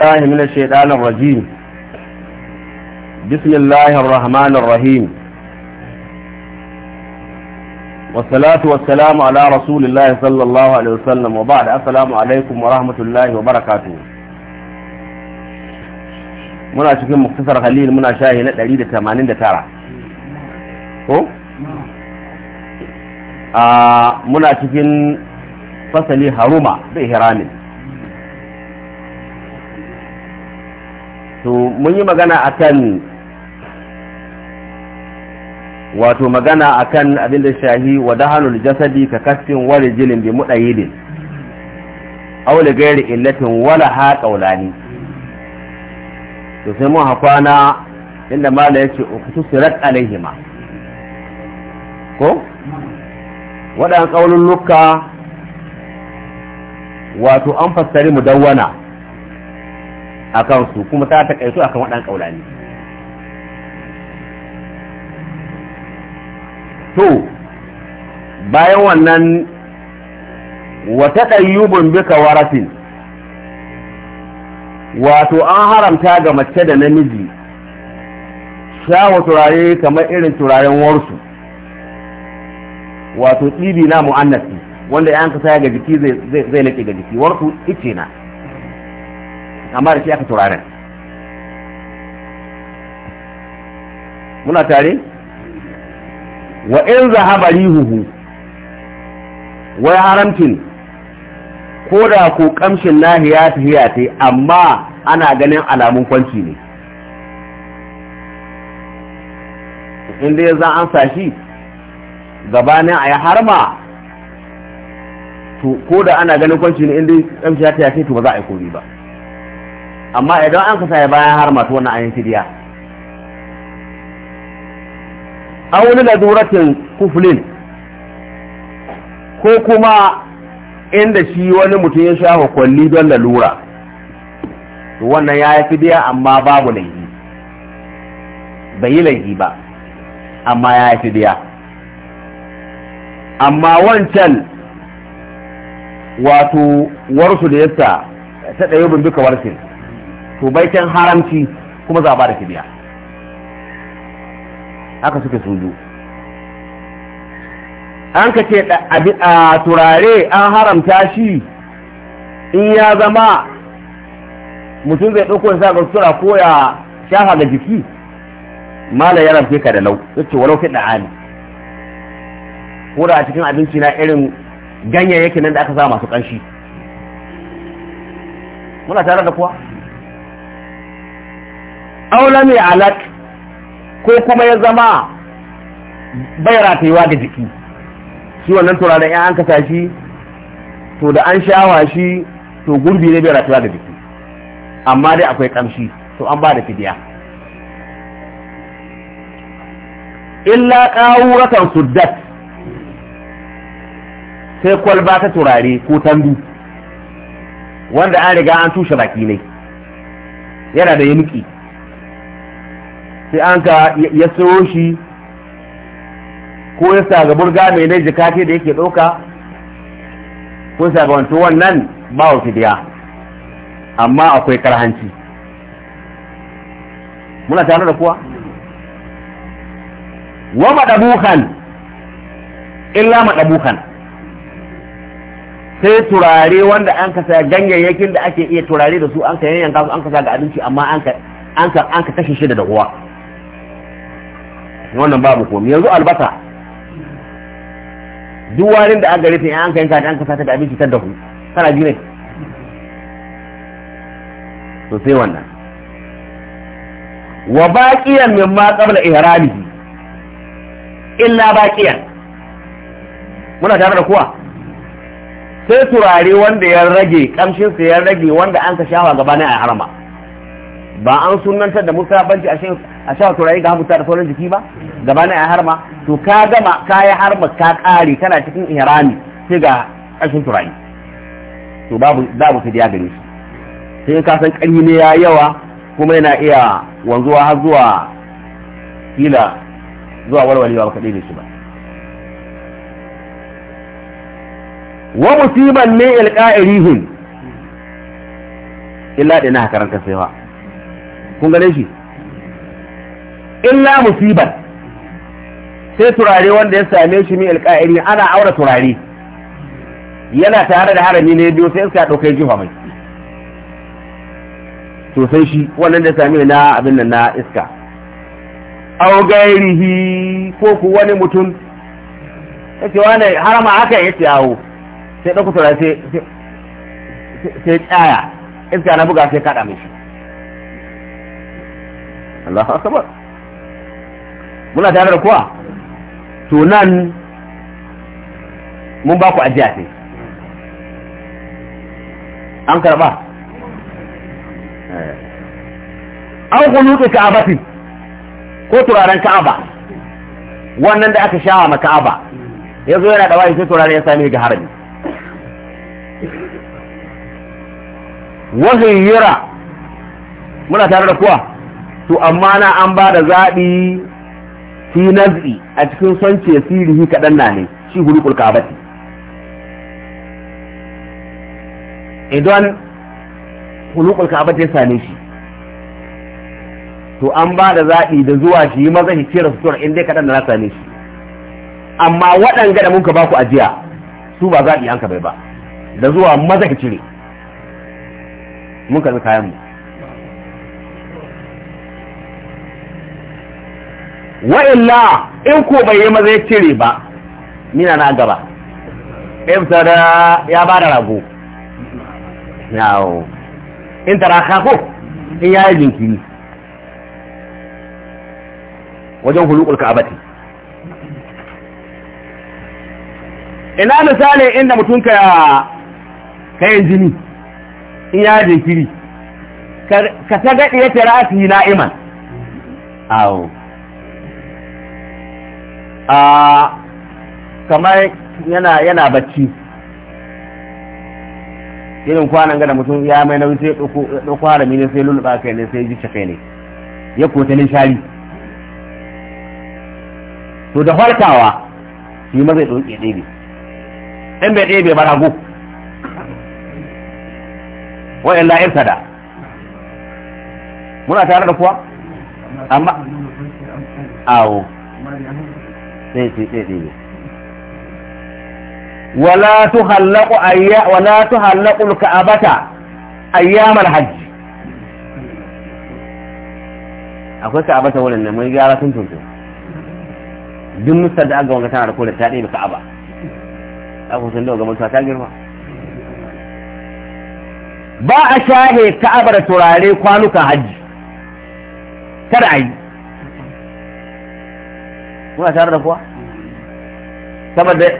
الله من الشيطان الرجيم بسم الله الرحمن الرحيم والصلاة والسلام على رسول الله صلى الله عليه وسلم وبعد السلام عليكم ورحمة الله وبركاته من شكل مختصر خليل منا شاهنة دليل التمانين دتارة هو؟ آه منا شكل فصلي هرومة بإهرامي to mun yi magana kan wato magana akan abin da shahi wa hannun jasadi ka kasfin wani rijilin bi yi aw aure ghairi illatin wala ha qawlani to sai mun hakwana inda mala su uktusirat alaihima ko waɗannan ƙaunin lukka wato an fassari mu mudawwana a kansu kuma ta a akan waɗannan ƙaulani to bayan wannan wata ɗayyubin bika warafin wato an haramta ga mace da namiji shawo turare kamar irin turaren warsu wato ɗibi na mu'annasi wanda yanka saya ga jiki zai laƙe ga jiki warsu ice na amma da shi aka turaren muna tare wa in zahaba rihuhu wai haramtin ko da ko kamshin nahiya ta ta amma ana ganin alamun kwanci ne inda ya za an sashi gabanin a ya harma to ko da ana ganin kwanci ne inda kamshin ta hiyate to ba za a yi kori ba amma idan an kasa bayan har masu wannan ayin fidiya wani da duratin kuflin ko kuma inda shi wani mutum ya sha kwalli don lalura to wannan ya yi fidiya amma babu laifi bai yi laifi ba amma ya yi fidiya amma wancan wato warsu da yasta ta ɗaya bin duka warsin to can haramci kuma za a bada kibiya haka suke suju an ka ce a turare an haramta shi in ya zama mutum zai ɗauko sa ga tura ko ya shafa ga jiki mala ya ramfe ka da lau ce walau fiɗa ani ko da a cikin abinci na irin ganyayyaki nan da aka sa masu ƙanshi muna tare da kuwa aula mai alat ko kuma ya zama bai ratewa da jiki shi wannan turaren ya an kasa shi to da an shawa shi to gurbi ne bai ratewa da jiki amma dai akwai kamshi to an ba da fidiya illa ƙawuratan suddat sai kwalba ta turare ko tandu wanda an riga an tushe baki ne yana da yanuki sai an ka ya sayo shi ko ya sa ga burga mai nai jika ce da yake ɗauka ko sa ga wanto wannan ba wa fidiya amma akwai karhanci muna tare da kuwa wa maɗabukan illa maɗabukan sai turare wanda an kasa ganyayyakin da ake iya turare da su an ka yanyanka su an kasa ga abinci amma an ka kashe shi da uwa. wannan babu komi yanzu albasa duk warin da an gare ta in an ka yanka an ka sata da abinci ta dahu kana ji to sai wannan wa baqiyan ma qabla ihramihi illa baqiyan muna tare da kuwa sai turare wanda ya rage kamshinsa ya rage wanda an ka shawa gaba ne a harama ba an sunnantar da musabanci a shi a cewa turai ga mutu da sauran jiki ba gabanin a harma to ka gama ka yi harma ka kare kana cikin ihrami sai ga ƙarshen turai to babu babu diya gare shi sai ka san ƙarni ne ya yawa kuma yana iya wanzuwa har zuwa kila zuwa walwali ba kaɗai da shi ba wa musiban ne ilqa'irihim illa dina karanta sai wa kun gane shi illa musibar sai turare wanda ya same shi min alƙa'iri ana aure turare yana tare da harami ne biyu sai iska ɗaukai jifa mai sai shi wannan da same na abin nan na iska au gairihi ko ku wani mutum yace wane harama haka ya ce awo sai ɗauka turare sai tsaya iska na buga sai kaɗa mai shi Allah akbar muna tare da kuwa to nan mun ba ku ajiya ce an karba eh. an ka ka'abatin ko turaren ka'aba wannan da aka shawa ma ka'aba ya zo yana da wani sai turaren ya sami ga harami wahin yira muna tare da kuwa to amma na an ba da zaɓi fi naz'i a cikin son ce sirihi kaɗan na ne shi hulukul kabati idan hulukul kabati ya same shi to an ba da zaɓi da zuwa shi yi maza shi su sutura inda dai kaɗan da na same shi amma waɗanga da muka baku ajiya su ba zaɓi an ka bai ba da zuwa maza ki cire mun karbi kayan mu wa in ko bai yi maza ya cire ba nina na gaba da ya ba da rago yawo in tara kako in ya yi jinkiri wajen hulukul ka'abati ina misali inda mutum ka kayan jini in yi jinkiri ka ta gaɗi ya tara fi na'iman awo a kamar yana yana bacci irin kwanan gada mutum ya mai nauyi sai ɗauko harami ne sai lulluɓa kai ne sai ji kai ne ya kota shari to da farkawa shi ma zai ɗauke ɗebe in bai ɗebe ba rago wa'in la'ir da muna tare da kuwa amma awo sai ce sai ɗebe wala tuhallaku ayya wala tuhallaku alka'abata akwai ka'abata wurin nan mun gyara tun tuntun duk mustar da aka wanga tana da kola ta ɗebe ka'aba aku sun da mutuwa ta girma ba a shahe ka'aba da turare kwanukan hajji kada a yi muna tare da kuwa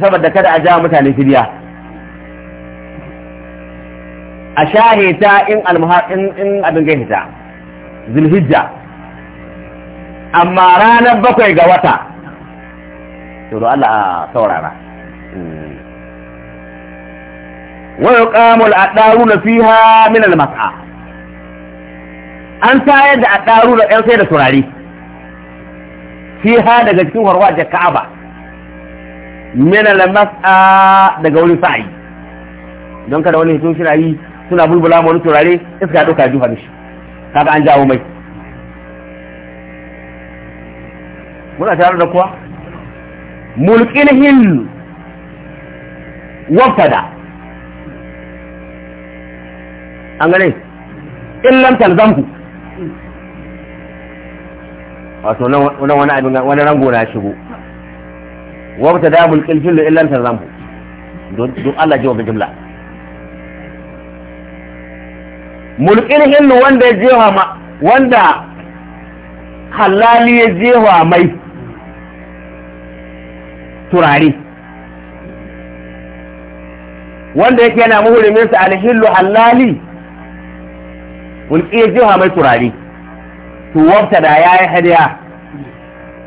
saboda kada a ja mutane fidiya a sha hita in in abin gai hita zulhijja amma ranar bakwai ga wata to Allah a saurara ويقام الأدارون فيها من المسعى أنت يد أدارون أنت يد سراري fiha daga cikin warwaje ka'aba min al-mas'a daga wani sa'i don kada wani hito shi yi suna bulbula wani turare iska ya dauka jufa shi, kaga an jawo mai muna tare da kuwa mulkin hin wafada an gane in lam talzamhu wato nan wani abin wani rango na shigo wa ta da mulkil jillu illan tarzamu don Allah ji wa jumla mulkin hinnu wanda ya jewa ma wanda halali ya jewa mai turare wanda yake yana muhulmin sa alhillu halali mulki ya jewa mai turare Tuwarta da ya yi hadiya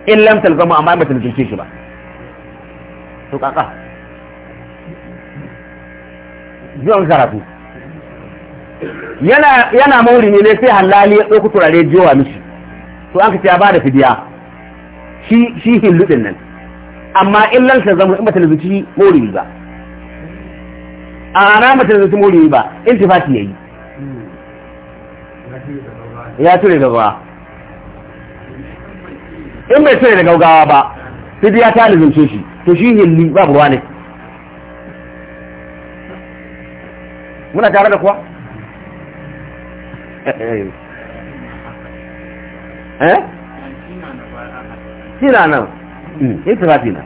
in lam talzama amma ba ta lizumce shi ba to kaka zuwan karatu yana yana mauri ne sai halali ya ɗauki turare jiwa mishi to an ka ce ba da fidiya shi shi hilludin nan amma in lam talzama in ba ta lizumci mauri ba a rana ba ta lizumci mauri ba intifati yayi ya ture gaba in bai so da gaugawa ba sai ya ta lizince shi to shi hilli babu ruwa ne muna tare da kuwa eh kina nan hmm, itirafi na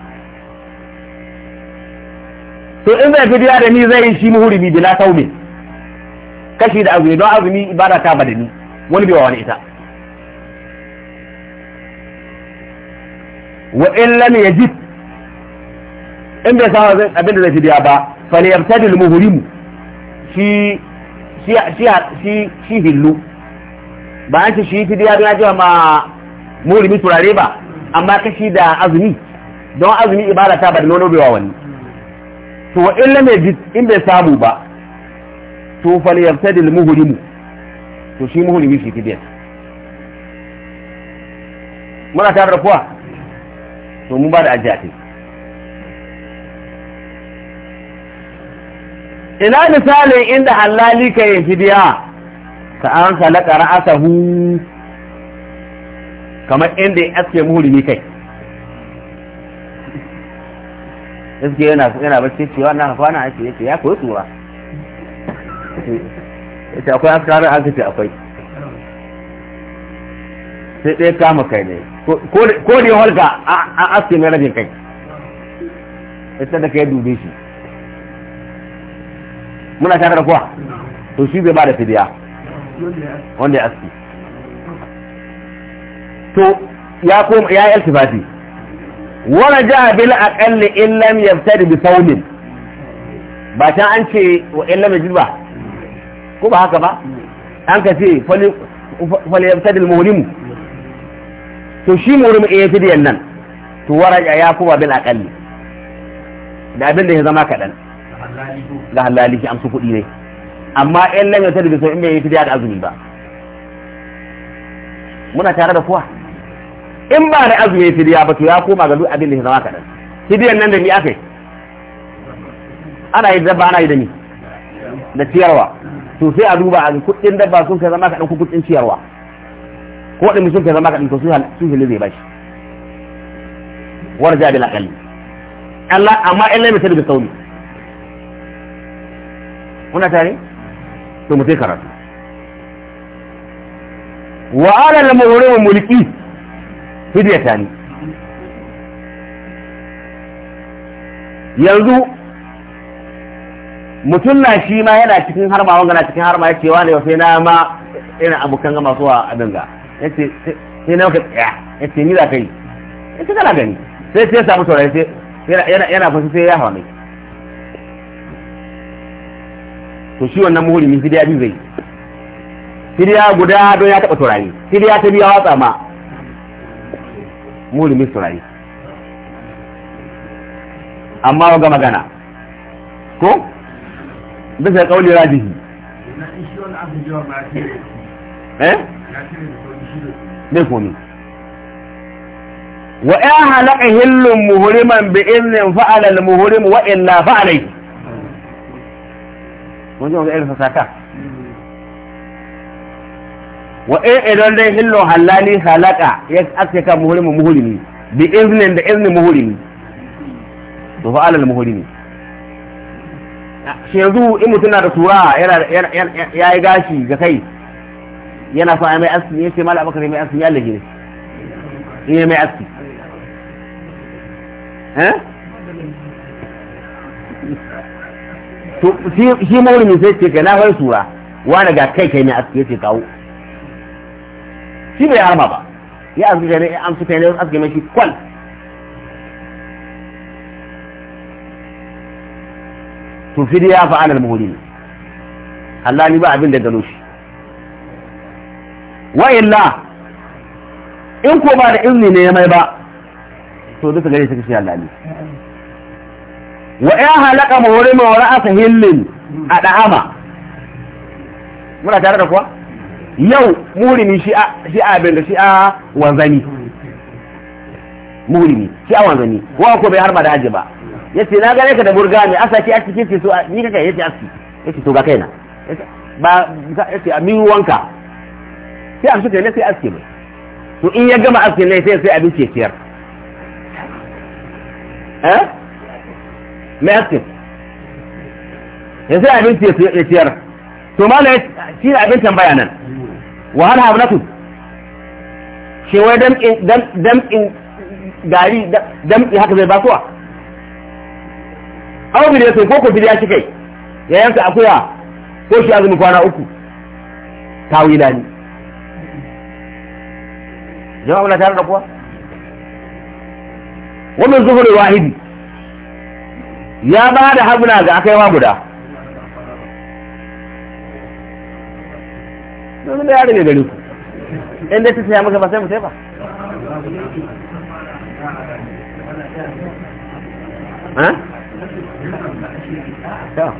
to in zai fidiya da ni zai shi muhurimi bila taumi kashi da azumi don azumi ibada ta badani wani bai wa wani ita wa illam yajid in bai samu abin da zai biya ba falyabtadil muhrim shi shi shi shi hillu ba an ce shi fidiya ya ji ma muhrimi turare ba amma kashi da azumi don azumi ibada ta ba da nono bai wa wani to wa illam yajid in bai samu ba to falyabtadil muhrim to shi muhrimi shi fi fidiya muna tare da kuwa to mun ba da ajiya ce ina misalin inda halali ka yi fidiya ka an halaka ra'asahu kamar inda ya aske ne kai iske yana yana bacci cewa na na ake yake ya koyi tsura ita akwai askarin an ce akwai sai ɗaya kama kai ne ko ne holga a aske mai rabin kai ita da kai dube shi muna tare da kuwa to shi bai ba da fidiya wanda ya aski to ya koma ya yi altifati wani ja bil aƙalli in lam ta bi saumin ba ta an ce wa in lam yajid ba ko ba haka ba an ka ce fali yabtadi al to shi mu iya fidiyan nan to wara ya kuma bil akalli da abin da ya zama kaɗan ga halali shi amsu kuɗi ne amma in lam yata da in bai yi fidiya da azumi ba muna tare da kuwa in ba da azumi ya fidiya ba to ya koma ga duk abin da ya zama kaɗan fidiyan nan da ni akai ana yi dabba ana yi da ni da ciyarwa to sai a duba a kuɗin dabba sun kai zama kaɗan kuɗin ciyarwa ko da mutum ka zama ka dinka su hilu zai bashi warja bil aqalli Allah amma in lai mutum da sauri kuna tare to mutai karatu wa ala al muhrim mulki hidyatani yanzu mutum na shi ma yana cikin harma wanga na cikin harma ya cewa ne sai na ma irin abokan gama zuwa abin ga yace sai na ka tsaya yace ni za ka yi yace kana gani sai sai samu saurari sai yana yana fasu sai ya hawa mai to shi wannan muhuri min fidiya biyu zai fidiya guda don ya taɓa turare fidiya ta biya watsa ma muhuri min amma ga magana ko bisa kauli rajihi eh bai komi wa ya halaka hillun muhuriman bi iznin fa'alal muhurim wa illa fa'alai mun ga irin sasaka wa in e, idan dai hillun halali halaka ya ake ka muhurimin muhurimi bi iznin da iznin muhurimi to fa'alal muhurimi shi yanzu in mutum na da tura ya yi gashi ga kai yana so a mai aski ya ce mala abakar mai aski ya eh? lage shi ne mai aski shi maulimi sai ce kai na fara sura wani ga kai kai mai aski ya ce kawo shi bai harma ba ya aski kai ne an su kai ne aski mai shi kwal to fidiya fa'anar maulimi Allah ni ba abin da gano shi wa illa in ko ba da izini ne ya mai ba to duka gare suka shi Allah ne wa ya halaka ma wa ra'asa hillin a da'ama muna tare da kuwa yau murimi shi a shi bin shi a wanzani murimi shi a wanzani wa ko bai harba da haji ba yace na gare ka da burga ne a aski kike so ni kaka yace aski yace to ga kaina ba yace a mi sai amsa kai ne sai aske mai to in ya gama aske ne sai sai abin ciyar eh mai aske ya sai abin ciyar to malai shi ne abin tambaya nan wa har hablatu shi wai damkin damkin gari damki haka zai basuwa an bi da sai ko ko bidiya shi kai ya yanka akuya ko shi azumi kwana uku tawila ni. jama'a muna tare da kuwa wannan zuhur wahidi ya ba da habna ga akai ma guda domin da yare ne gari ku inda ta saya maka ba sai mu sai ba ha? Yeah.